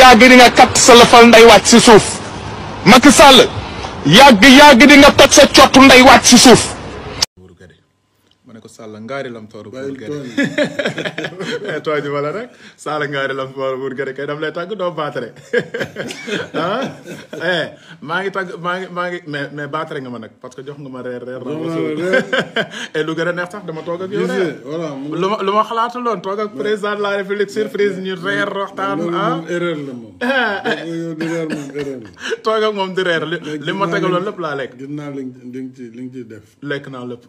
yàgg di nga kat sa lëfal nday wàcc si suuf Sall yàgg yàgg di nga toj sa cottu nday wàcc si suuf ne ko Salla ngaari lam tooru buur gere mais tooñu ma la nag Salla ngaari lam tooru buur gere kay dam lay tàgg doo baatare ah eh maa ngi tàgg maa ngi maa ngi mais mais baatare nga ma nag parce que jox nga ma reer reer ram et eh, lu a neex sax lu ma lu ma xalaatuloon toog ak président de la république surprise ñu reer waxtaan ah erreur la moom di reer moom erreur la toog li ma tegaloon lépp laa lekk li nga ci li lekk naa lépp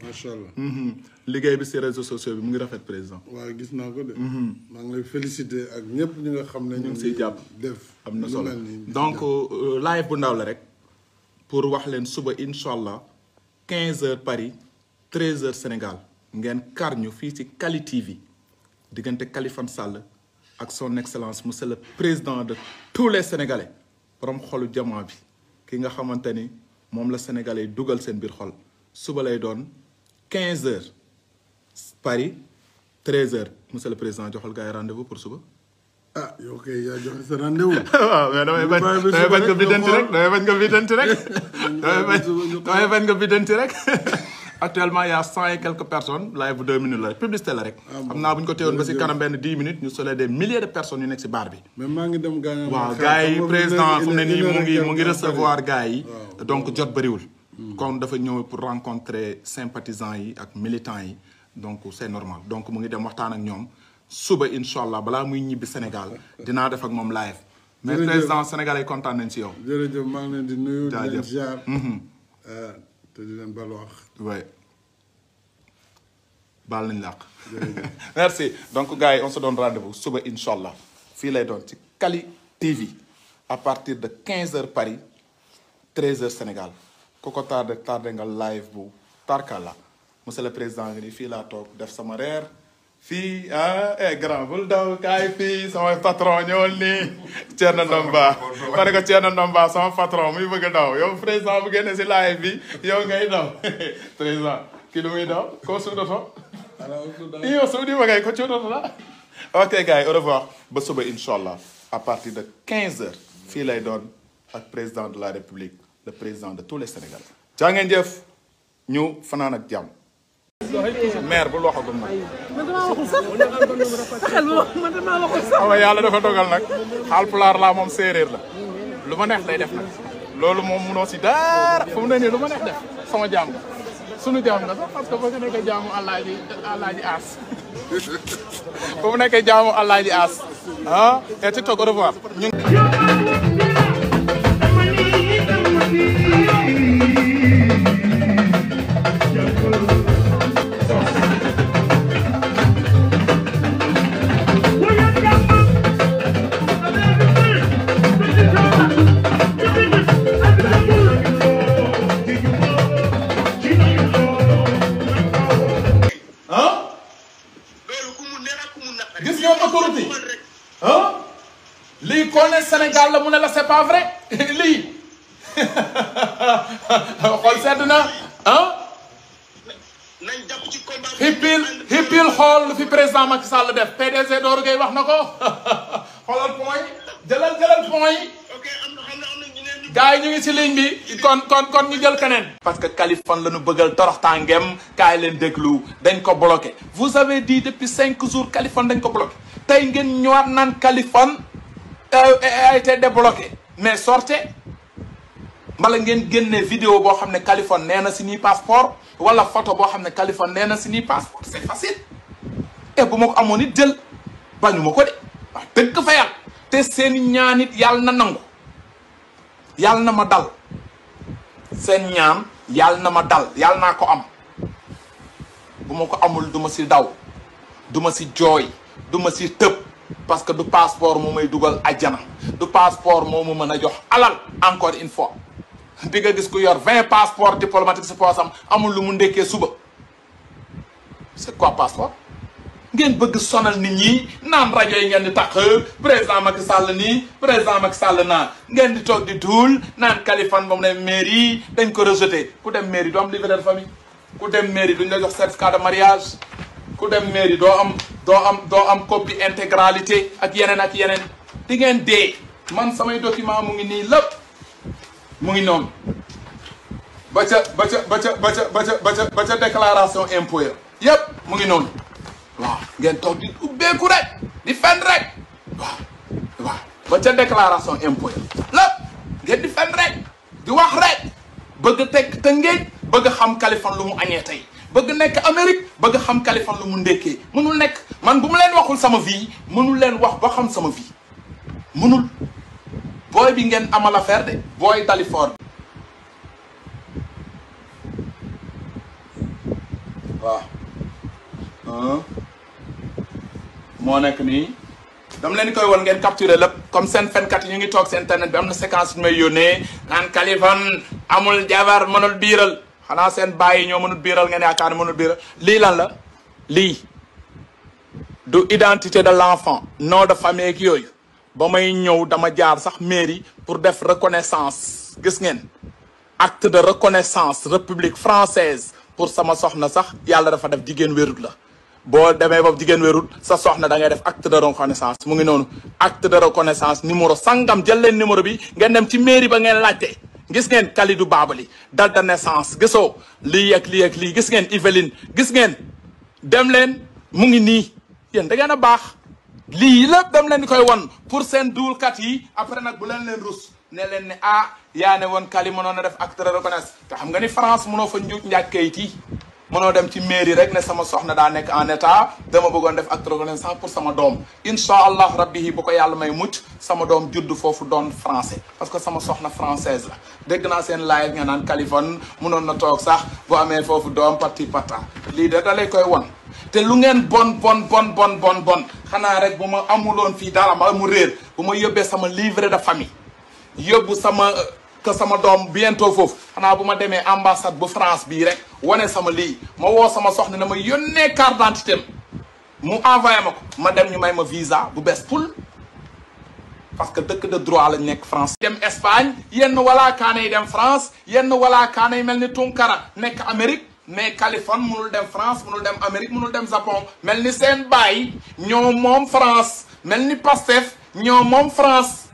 liggéey bi si réseau sociaux bi mu ngi rafet président. waaye gis naa ko de. Mhm. maa ngi lay félicité ak ñëpp ñi nga xam ne. ñu ngi siy jàpp am na solo donc euh, live bu ndaw la rek pour wax leen suba incha allah 15h Paris 13h Sénégal ngeen kar ñu fii ci Kali TV diggante Kaliphone Sall ak son excellence monsieur le président de tous les sénégalais borom xolu jamaa bi ki nga xamante ni moom la sénégalais dugal seen biir xol suba lay doon 15h. Paris 13h monsieur le président joxal gars yi rendez-vous pour suba. ah yow kay yaa joxe sa rendez-vous. waaw mais damay bañ damay bañ nga biddanti rek damay bañ nga biddanti rek. actuellement y' a cent et quelques personnes live bu la rek publicité la rek. Ah, xam ko téyewoon ba benn dix minutes ñu solee des milliers de personnes yu nekk si baar bi. ngi dem gars waaw gars yi président fu mu ne nii mu ngi mu ngi recevoir gars yi. donc jot bariwul hmm. kon dafa ñëw pour rencontrer sympathisants yi ak militants yi. donc c'est normal donc mu ngi dem waxtaan ak ñoom suba incha allah balaa muy ñibbi Sénégal dinaa def ak moom live. mais président Sénégal ay kontaan nañ ci yow. jërëjëf maa ngi leen di nuyu. di leen ziar mhm. euh, baal nañ la merci donc gars yi on se donne rendez-vous suba incha allah fii lay doon ci Kali TV à partir de 15h Paris 13 Sénégal ku ko tardé nga live bu tarkala monsieur le président ngi nii fii laa toog def sama reer fii ah eh grand bul daw kaay fii samay patron ñëwal nii Thierno Ndomba ma ne ko Thierno Ndomba sama patron muy bëgg daw yow président bu génne si laay bi yow ngay daw président kii lu muy daw koo suudoto i yow suudi ma ngay ko cuudoto la ok gars au revoir ba suba incha allah à partir de quinze heures fii lay doon ak président de la république le président de tous les sénégalais jaa ngeen jëf ñu fanaan ak jàmm maire bul waxagum nag. man damaa waxul sax saxal ma man damaa waxul sax. xam nga yàlla dafa dogal nag Haalpulaar laa moom séeréer la lu ma neex lay def nag loolu moom munoo si dara fu mu ne nii lu ma neex def sama jaam nga sunu jaam nga sax parce que ba nga nekk jaamu Alaaji Alaaji Aas ba mu nekkee jaamu Alaaji Aas ah et ci toog au revoir. boo ne la mu ne la c'est pas vrai lii xool sedd na ah. hippil hippil xool lu fi président Macky Sall def PDG Doro wax na ko xoolal point jëlal jëlal point gars yi ñu ngi ci ligne bi kon kon kon ñu jël keneen. parce que Kaliphone la ñu bëggal torox tàngeem kaay leen déglu dañ ko bloqué vous avez dit depuis cinq jours Kaliphone dañ ko bloqué tey ngeen ñëwaat naan Kaliphone. Euh, euh, a été débloqué mais sortez mbala ngeen génne vidéo boo xam ne Kaliphone nee na si nii passeport wala photo boo xam ne Kaliphone nee na si nii passeport c'est facile et bu ma ko amoon it jël bañu ma ko de wax dëgg fa yàlla te seen ñaan it yàlla na nangu yàlla na ma dal seen ñaan yàlla na ma dal yàlla naa ko am bu ma ko amul duma ma si daw duma ma si jooy duma ma si tëb parce que du passeport moo may dugal ajjana du passeport moo ma mën a jox alal encore une fois di nga gis ku yor vingt passeport diplomatique si poosam amul lu mu ndekkee suba c'est quoi passeport ngeen bëgg sonal nit ñi naan rajo yi ngeen di taq président Macky Sall ni président Macky Sall naa ngeen di toog di duul naan Kaliphone ba mu dem mairie dañ ko rejeté ku dem mairie du am livret de famille ku dem mairie duñ la jox certificat de mariage ku dem mairie doo am doo am doo am copie intégralité ak yeneen ak yeneen di ngeen dee man samay document mu ngi nii lépp mu ngi noonu ba ca ba ca ba ca ba ca ba ca ba ca déclaration impôt yëpp mu ngi noonu waaw ngeen toog di ubbeeku rek di fen rek waaw waaw ba ca déclaration impôt lépp ngeen di fen rek di wax rek bëgg teg te ngeen xam Kaliphone lu mu añee tey bëgg nekk Amérique bëgg xam Kaliphone la mu ndekkee mënul nekk man bu mu leen waxul sama vie mënul leen wax ba xam sama vie mënul booy bi ngeen amal affaire de booy Dalifort waaw moo nekk nii dama leen koy won ngeen capturer lépp comme seen fenkat yi ñu ngi toog seen internet bi am na séquence bi may yónnee naan Kaliphone amul jabar mënul biiral xanaa seen bàyyi ñoo mënut biiral ngeen yaakaar mënut biiral lii lan la lii du identité de l'enfant nom de famille ak yooyu ba may ñëw dama jaar sax mairie pour def reconnaissance gis ngeen acte de reconnaissance république française pour sama soxna sax yàlla dafa def jigéen wérut la boo demee boobu jigéen wérut sa soxna da ngay def acte de reconnaissance mu ngi noonu acte de reconnaissance numéro sangam jël leen numéro bi ngeen dem ci mairie ba ngeen laajte gis ngeen Kalidou du date de naissance gisoo lii ak lii ak lii gis ngeen Yveline gis ngeen dem leen mu ngi nii yéen da ngeen a baax lii la dem leen di koy won pour seen duulkat yi après nag bu leen leen rus ne leen ne ah yaa ne woon Kali mënoon a def acte de reconnaissance te xam nga ni France mënoo fa njuuj njaaj kayit yi mënoo dem ci mairie rek ne sama soxna daa nekk en état dama bëggoon def acte de renaissance pour sama doom incha allah rabbi bu ko yàlla may mucc sama doom judd foofu doon français parce que sama soxna française la dégg naa seen live nga naan Californie mënoon na toog sax bu amee foofu doom parti parta lii de da lay koy won te lu ngeen bon bon bon bon bon bon xanaa rek bu ma amuloon fii am ma mu réer bu ma yóbbee sama livret de famille yóbbu sama que sama doom bientôt foofu xanaa bu ma demee ambassade bu France bii rek wane sama lii ma woo sama soxna na ma yónnee carte d'identité mu envoyé ma ko ma dem ñu may ma visa bu bees poul parce que dëkk de droit lañ nekk France. dem Espagne yenn walaa kaane yi dem France yenn walaa kaane yi mel ni Tunkara nekk Amérique mais Californie mënul dem France mënul dem Amérique mënul dem Japon mel ni seen baay ñoo moom France mel ni Pastef ñoo moom France.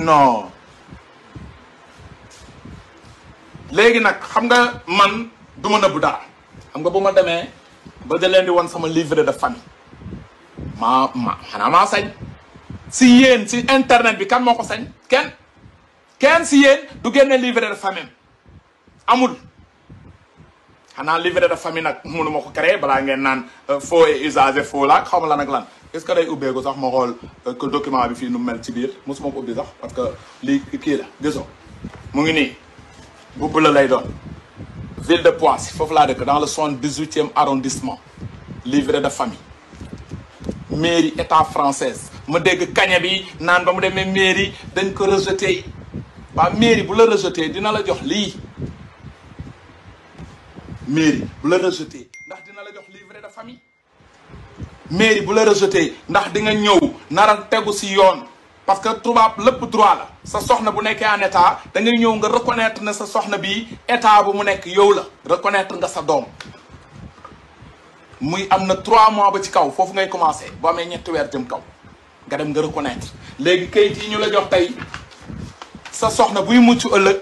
non léegi nag xam nga man du ma nëbbu dara xam nga bu ma demee ba da leen di wan sama livret de famille maa ma xanaa maa sañ si yéen si internet bi kan moo ko sañ kenn kenn si yéen du génne livret de famille amul xanaa livret de famille nag mënu ma ko créer balaa ngeen naan euh, faux et usagé faux laak xaw ma lan est-ce que day ubbeeku sax ma xool euh, que document bi fii nu mel ci biir mosuma ko ubbi sax parce que lii kii la gisoo mu ngi nii bu bu lay doon ville de Poissy foofu laa dëkk dans le soixante-dix-huitième arrondissement livret de famille mairie état française ma dégg kaña bi naan ba mu demee mairie dañ ko rejeté waa mairie bu la rejeté dina la jox lii mairie bu la rejeté mairie bu la rejeté ndax di nga ñëw naral tegu si yoon parce que tubaab lépp droit la sa soxna bu nekkee en état da ngay ñëw nga reconnaître na sa soxna bi état bu mu nekk yow la reconnaître nga sa doom muy am na trois mois ba ci kaw foofu ngay commencé boo amee ñetti weer jëm kaw nga dem nga reconnaître léegi kayit yi ñu la jox tey sa soxna buy mucc ëllëg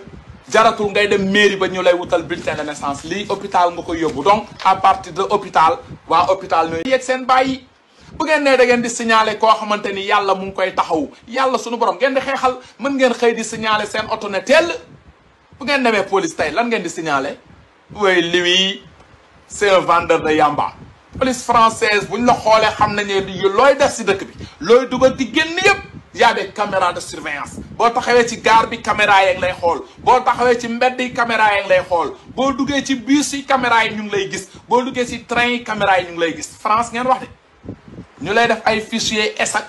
jaratul ngay dem mairie ba ñu lay wutal bulletin de naissance lii hôpital nga koy yóbbu donc à partir de hôpital waa hôpital ñooy yeeg seen bàyyi bu ngeen nee da ngeen di signaler koo xamante ni yàlla mu ngi koy taxaw yàlla suñu borom ngeen di xeexal mën ngeen xëy di signaler seen oto ne teel bu ngeen demee police tey lan ngeen di signaler way lui c'est un vendeur de yamba police française buñ la xoolee xam nañu looy def si dëkk bi looy dugal di génn yëpp y a des caméras de surveillance boo taxawee ci gaar bi caméra yeeg lay xool boo taxawee ci mbedd yi caméra yeeg lay xool boo duggee ci bus yi caméra yi ñu ngi lay gis boo duggee ci train yi caméra yi ñu ngi lay gis France ngeen wax de ñu lay def ay fichier S ak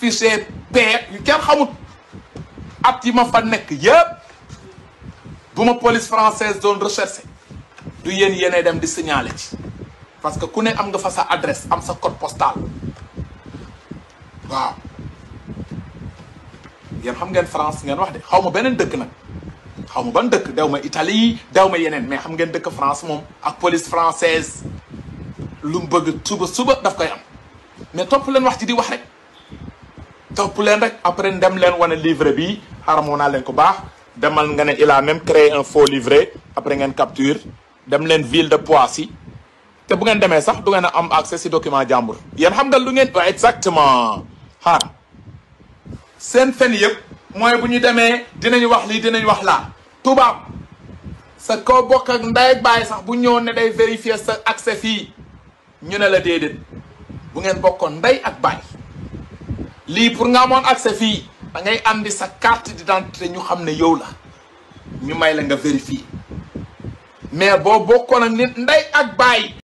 fichier P yu kenn xamut at yi ma fa nekk yëpp bu ma police française doon recherché du yéen yéenay dem di signalé ci parce que ku ne am nga fa sa adresse am sa code postal waaw yéen xam ngeen France ngeen wax de xaw ma beneen dëkk nag xaw ma ban dëkk dew ma Italie daw ma yeneen mais xam ngeen dëkk France moom ak police francaise lu mu bëgg suba suba daf koy am mais topp leen wax ci di wax rek topp leen rek après dem leen wane livre bi xaramoo naa leen ko baax demal nga ne il a même créé un faux livret après ngeen capture dem leen ville de Poissy te bu ngeen demee sax du ngeen a am accès si document jàmbur yéen xam nga lu ngeen waaw exactement xaar seen fen yëpp mooy bu ñu demee dinañ wax lii dinañ wax laa tubaab sa ko bokk ak nday ak baay sax bu ñëw ne day vérifier sa accès fii ñu ne la déedéet bu ngeen bokkoon nday ak baay lii pour nga amoon accès fii da ngay andi sa carte d'identité ñu xam ne yow la ñu may la nga vérifier mais boo bokkoon ak nit nday ak baay